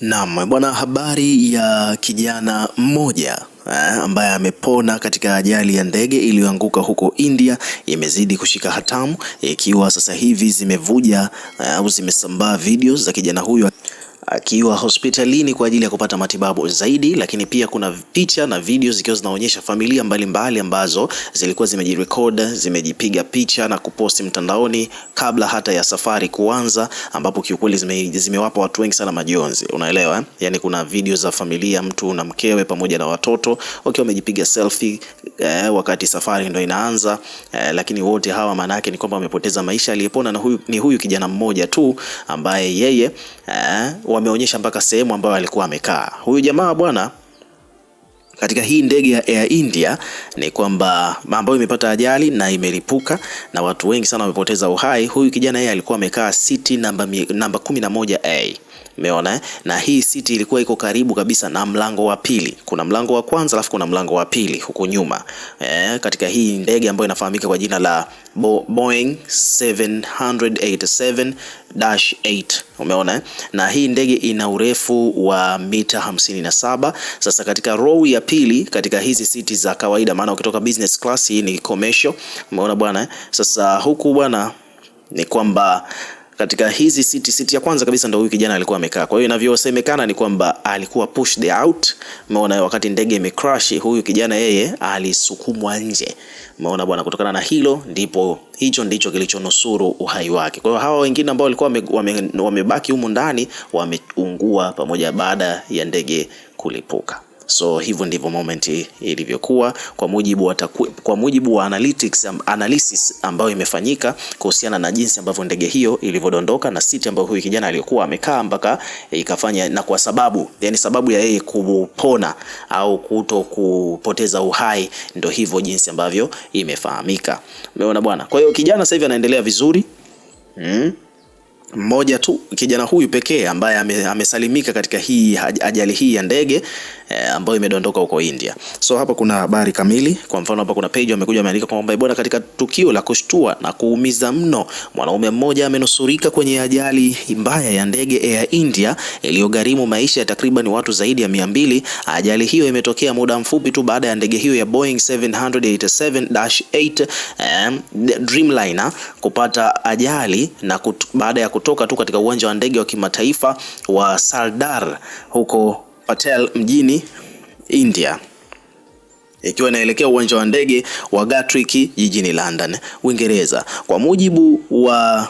Naam, bwana, habari ya kijana mmoja eh, ambaye amepona katika ajali ya ndege iliyoanguka huko India imezidi kushika hatamu, ikiwa sasa hivi zimevuja eh, au zimesambaa video za kijana huyo akiwa hospitalini kwa ajili ya kupata matibabu zaidi, lakini pia kuna picha na video zikiwa zinaonyesha familia mbalimbali mbali ambazo zilikuwa zimejirecord, zimejipiga picha na kuposti mtandaoni kabla hata ya safari kuanza, ambapo kiukweli zime, zimewapa watu wengi sana majonzi, unaelewa eh? Yani kuna video za familia, mtu na mkewe pamoja na watoto wakiwa wamejipiga selfie eh, wakati safari ndo inaanza eh, lakini wote hawa maana yake ni kwamba wamepoteza maisha. Aliyepona na huyu, ni huyu kijana mmoja tu ambaye yeye eh, wameonyesha mpaka sehemu ambayo alikuwa amekaa huyu jamaa bwana katika hii ndege ya Air India ni kwamba ambayo imepata ajali na imelipuka na watu wengi sana wamepoteza uhai. Huyu kijana yeye alikuwa amekaa siti namba, namba 11A umeona eh? Na hii siti ilikuwa iko karibu kabisa na mlango wa pili. Kuna mlango wa kwanza alafu kuna mlango wa pili huku nyuma eh, katika hii ndege ambayo inafahamika kwa jina la Boeing 787 8 umeona eh? Na hii ndege ina urefu wa mita 57. Sasa katika row ya pili katika hizi siti za kawaida, maana ukitoka business class hii ni commercial, umeona bwana eh? Sasa huku bwana ni kwamba katika hizi siti, siti ya kwanza kabisa ndio huyu kijana alikuwa amekaa. Kwa hiyo inavyosemekana ni kwamba alikuwa pushed out, umeona, wakati ndege imecrash, huyu kijana yeye alisukumwa nje, umeona bwana. Kutokana na hilo, ndipo hicho ndicho kilichonusuru uhai wake. Kwa hiyo hawa wengine ambao walikuwa wamebaki wame, wame humu ndani wameungua pamoja baada ya ndege kulipuka. So hivyo ndivyo moment ilivyokuwa kwa mujibu wa taku, kwa mujibu wa analytics, analysis ambayo imefanyika kuhusiana na jinsi ambavyo ndege hiyo ilivyodondoka na siti ambayo huyu kijana aliyokuwa amekaa mpaka ikafanya, na kwa sababu yani sababu ya yeye kupona au kuto kupoteza uhai, ndo hivyo jinsi ambavyo imefahamika. Umeona bwana. Kwa hiyo kijana sasa hivi anaendelea vizuri hmm? Mmoja tu kijana huyu pekee ambaye amesalimika katika hii ajali hii ya ndege eh, ambayo imedondoka huko India. So hapa kuna habari kamili. Kwa mfano hapa kuna page wamekuja wameandika kwamba bwana, katika tukio la kushtua na kuumiza mno, mwanaume mmoja amenusurika kwenye ajali mbaya ya ndege Air India iliyogharimu maisha ya takriban watu zaidi ya mbili Ajali hiyo imetokea muda mfupi tu baada ya ndege hiyo ya Boeing 787-8 eh, Dreamliner kupata ajali na kutu, baada ya kutoka tu katika uwanja wa ndege wa kimataifa wa Sardar huko Patel mjini India ikiwa inaelekea uwanja wa ndege wa Gatwick jijini London, Uingereza. Kwa mujibu wa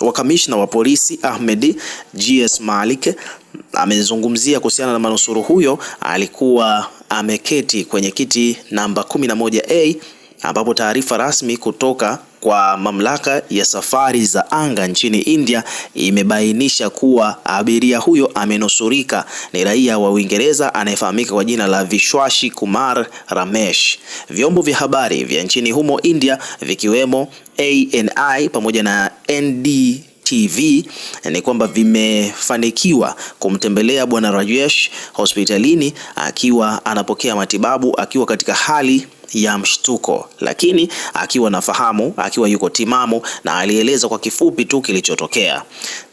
wa kamishna wa polisi Ahmed GS Malik amezungumzia kuhusiana na manusuru huyo, alikuwa ameketi kwenye kiti namba 11A ambapo taarifa rasmi kutoka kwa mamlaka ya safari za anga nchini India imebainisha kuwa abiria huyo amenusurika ni raia wa Uingereza anayefahamika kwa jina la Vishwashi Kumar Ramesh. Vyombo vya habari vya nchini humo India vikiwemo ANI pamoja na ND TV ni kwamba vimefanikiwa kumtembelea Bwana Rajesh hospitalini akiwa anapokea matibabu akiwa katika hali ya mshtuko, lakini akiwa nafahamu, akiwa yuko timamu na alieleza kwa kifupi tu kilichotokea.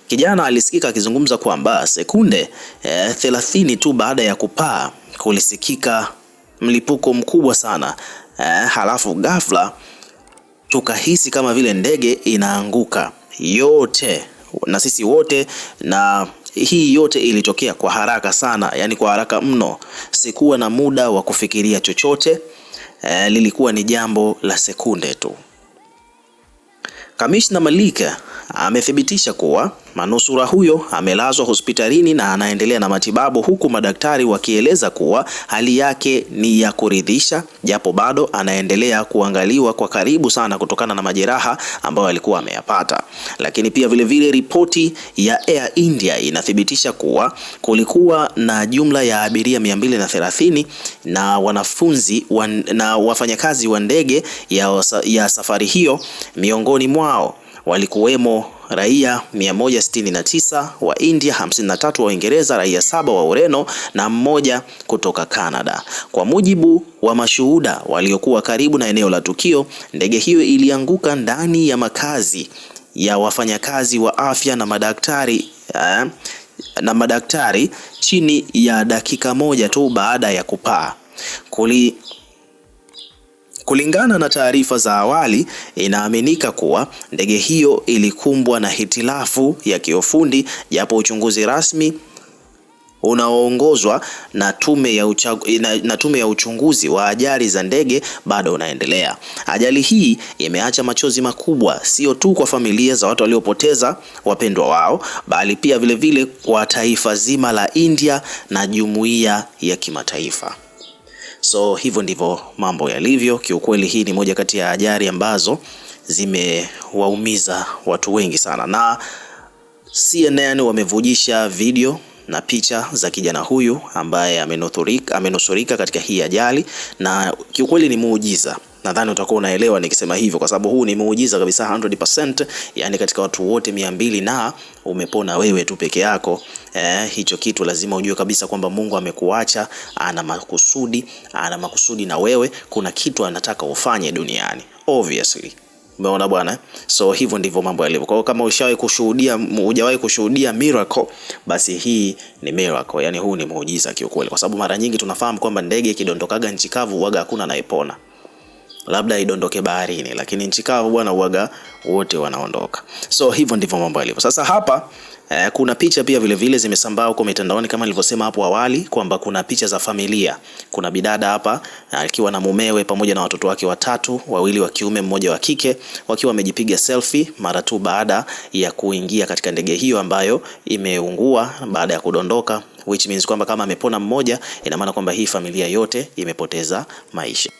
Kijana alisikika akizungumza kwamba sekunde eh, thelathini eh, tu baada ya kupaa kulisikika mlipuko mkubwa sana e, halafu ghafla tukahisi kama vile ndege inaanguka yote na sisi wote na hii yote ilitokea kwa haraka sana, yani kwa haraka mno. Sikuwa na muda wa kufikiria chochote eh, lilikuwa ni jambo la sekunde tu. Kamishna Malika amethibitisha kuwa Manusura huyo amelazwa hospitalini na anaendelea na matibabu huku madaktari wakieleza kuwa hali yake ni ya kuridhisha, japo bado anaendelea kuangaliwa kwa karibu sana kutokana na majeraha ambayo alikuwa ameyapata. Lakini pia vilevile ripoti ya Air India inathibitisha kuwa kulikuwa na jumla ya abiria 230 na wanafunzi wan, na wafanyakazi wa ndege ya, ya safari hiyo miongoni mwao walikuwemo raia 169 wa India, 53 wa Uingereza, raia saba wa Ureno na mmoja kutoka Canada. Kwa mujibu wa mashuhuda waliokuwa karibu na eneo la tukio, ndege hiyo ilianguka ndani ya makazi ya wafanyakazi wa afya na madaktari eh, na madaktari chini ya dakika moja tu baada ya kupaa kuli Kulingana na taarifa za awali, inaaminika kuwa ndege hiyo ilikumbwa na hitilafu ya kiufundi, japo uchunguzi rasmi unaoongozwa na tume ya uchagu, na, na tume ya uchunguzi wa ajali za ndege bado unaendelea. Ajali hii imeacha machozi makubwa, sio tu kwa familia za watu waliopoteza wapendwa wao, bali pia vilevile vile kwa taifa zima la India na jumuiya ya kimataifa. So hivyo ndivyo mambo yalivyo. Kiukweli hii ni moja kati ya ajali ambazo zimewaumiza watu wengi sana, na CNN wamevujisha video na picha za kijana huyu ambaye amenusurika katika hii ajali, na kiukweli ni muujiza. Nadhani utakuwa unaelewa nikisema hivyo, kwa sababu huu ni muujiza kabisa 100%, yani katika watu wote mia mbili na umepona wewe tu peke yako. Eh, hicho kitu lazima ujue kabisa kwamba Mungu amekuacha, ana makusudi, ana makusudi na wewe. Kuna kitu anataka ufanye duniani obviously. Umeona bwana, so hivyo ndivyo mambo yalivyo. Kwa hiyo kama ushawahi kushuhudia, hujawahi kushuhudia miracle, basi hii ni miracle, yani huu ni muujiza kiukweli, kwa sababu mara nyingi tunafahamu kwamba ndege ikidondokaga nchi kavu huaga hakuna anayepona labda idondoke baharini, lakini nchi kavu bwana uaga wote wanaondoka. So hivyo ndivyo mambo yalivyo sasa hapa. Eh, kuna picha pia vile vile zimesambaa huko mitandaoni kama nilivyosema hapo awali kwamba kuna picha za familia. Kuna bidada hapa eh, akiwa na mumewe pamoja na watoto wake watatu, wawili wa kiume, mmoja wa kike, wakiwa wamejipiga selfie mara tu baada ya kuingia katika ndege hiyo ambayo imeungua baada ya kudondoka, which means kwamba kama amepona mmoja, ina maana kwamba hii familia yote imepoteza maisha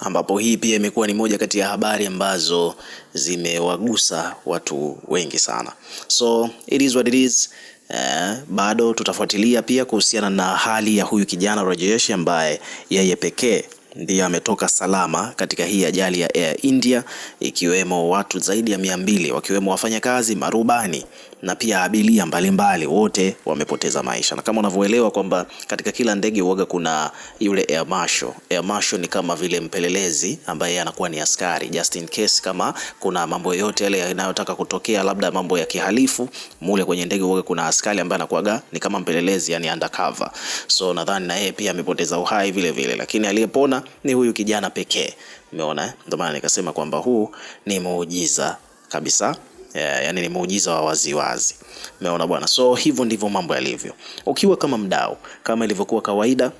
ambapo hii pia imekuwa ni moja kati ya habari ambazo zimewagusa watu wengi sana. So it is what it is. Eh, bado tutafuatilia pia kuhusiana na hali ya huyu kijana Rajesh ambaye yeye pekee ndiye ametoka salama katika hii ajali ya Air India, ikiwemo watu zaidi ya mia mbili wakiwemo wafanyakazi, marubani na pia abiria mbalimbali, wote wamepoteza maisha. Na kama unavyoelewa kwamba katika kila ndege huaga kuna yule air marshal. Air marshal ni kama vile mpelelezi ambaye anakuwa ni askari just in case, kama kuna mambo yote yale yanayotaka kutokea, labda mambo ya kihalifu mule kwenye ndege, huaga kuna askari ambaye anakuwaga ni kama mpelelezi, yani undercover. So nadhani na yeye pia amepoteza uhai vile vile, lakini aliyepona ni huyu kijana pekee. Umeona, ndio maana nikasema kwamba huu ni muujiza kabisa. Yeah, yani ni muujiza wa waziwazi. Umeona bwana, so hivyo ndivyo mambo yalivyo. Ukiwa kama mdau, kama ilivyokuwa kawaida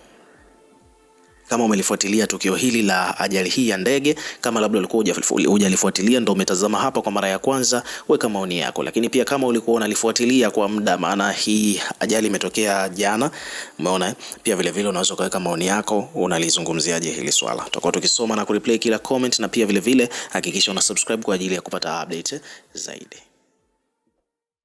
kama umelifuatilia tukio hili la ajali hii ya ndege, kama labda ulikuwa hujalifuatilia ndio umetazama hapa kwa mara ya kwanza, weka maoni yako. Lakini pia kama ulikuwa unalifuatilia kwa muda, maana hii ajali imetokea jana, umeona pia vile vile unaweza ukaweka maoni yako, unalizungumziaje hili swala. Tutakuwa tukisoma na kureplay kila comment, na pia vile vile hakikisha una subscribe kwa ajili ya kupata update zaidi.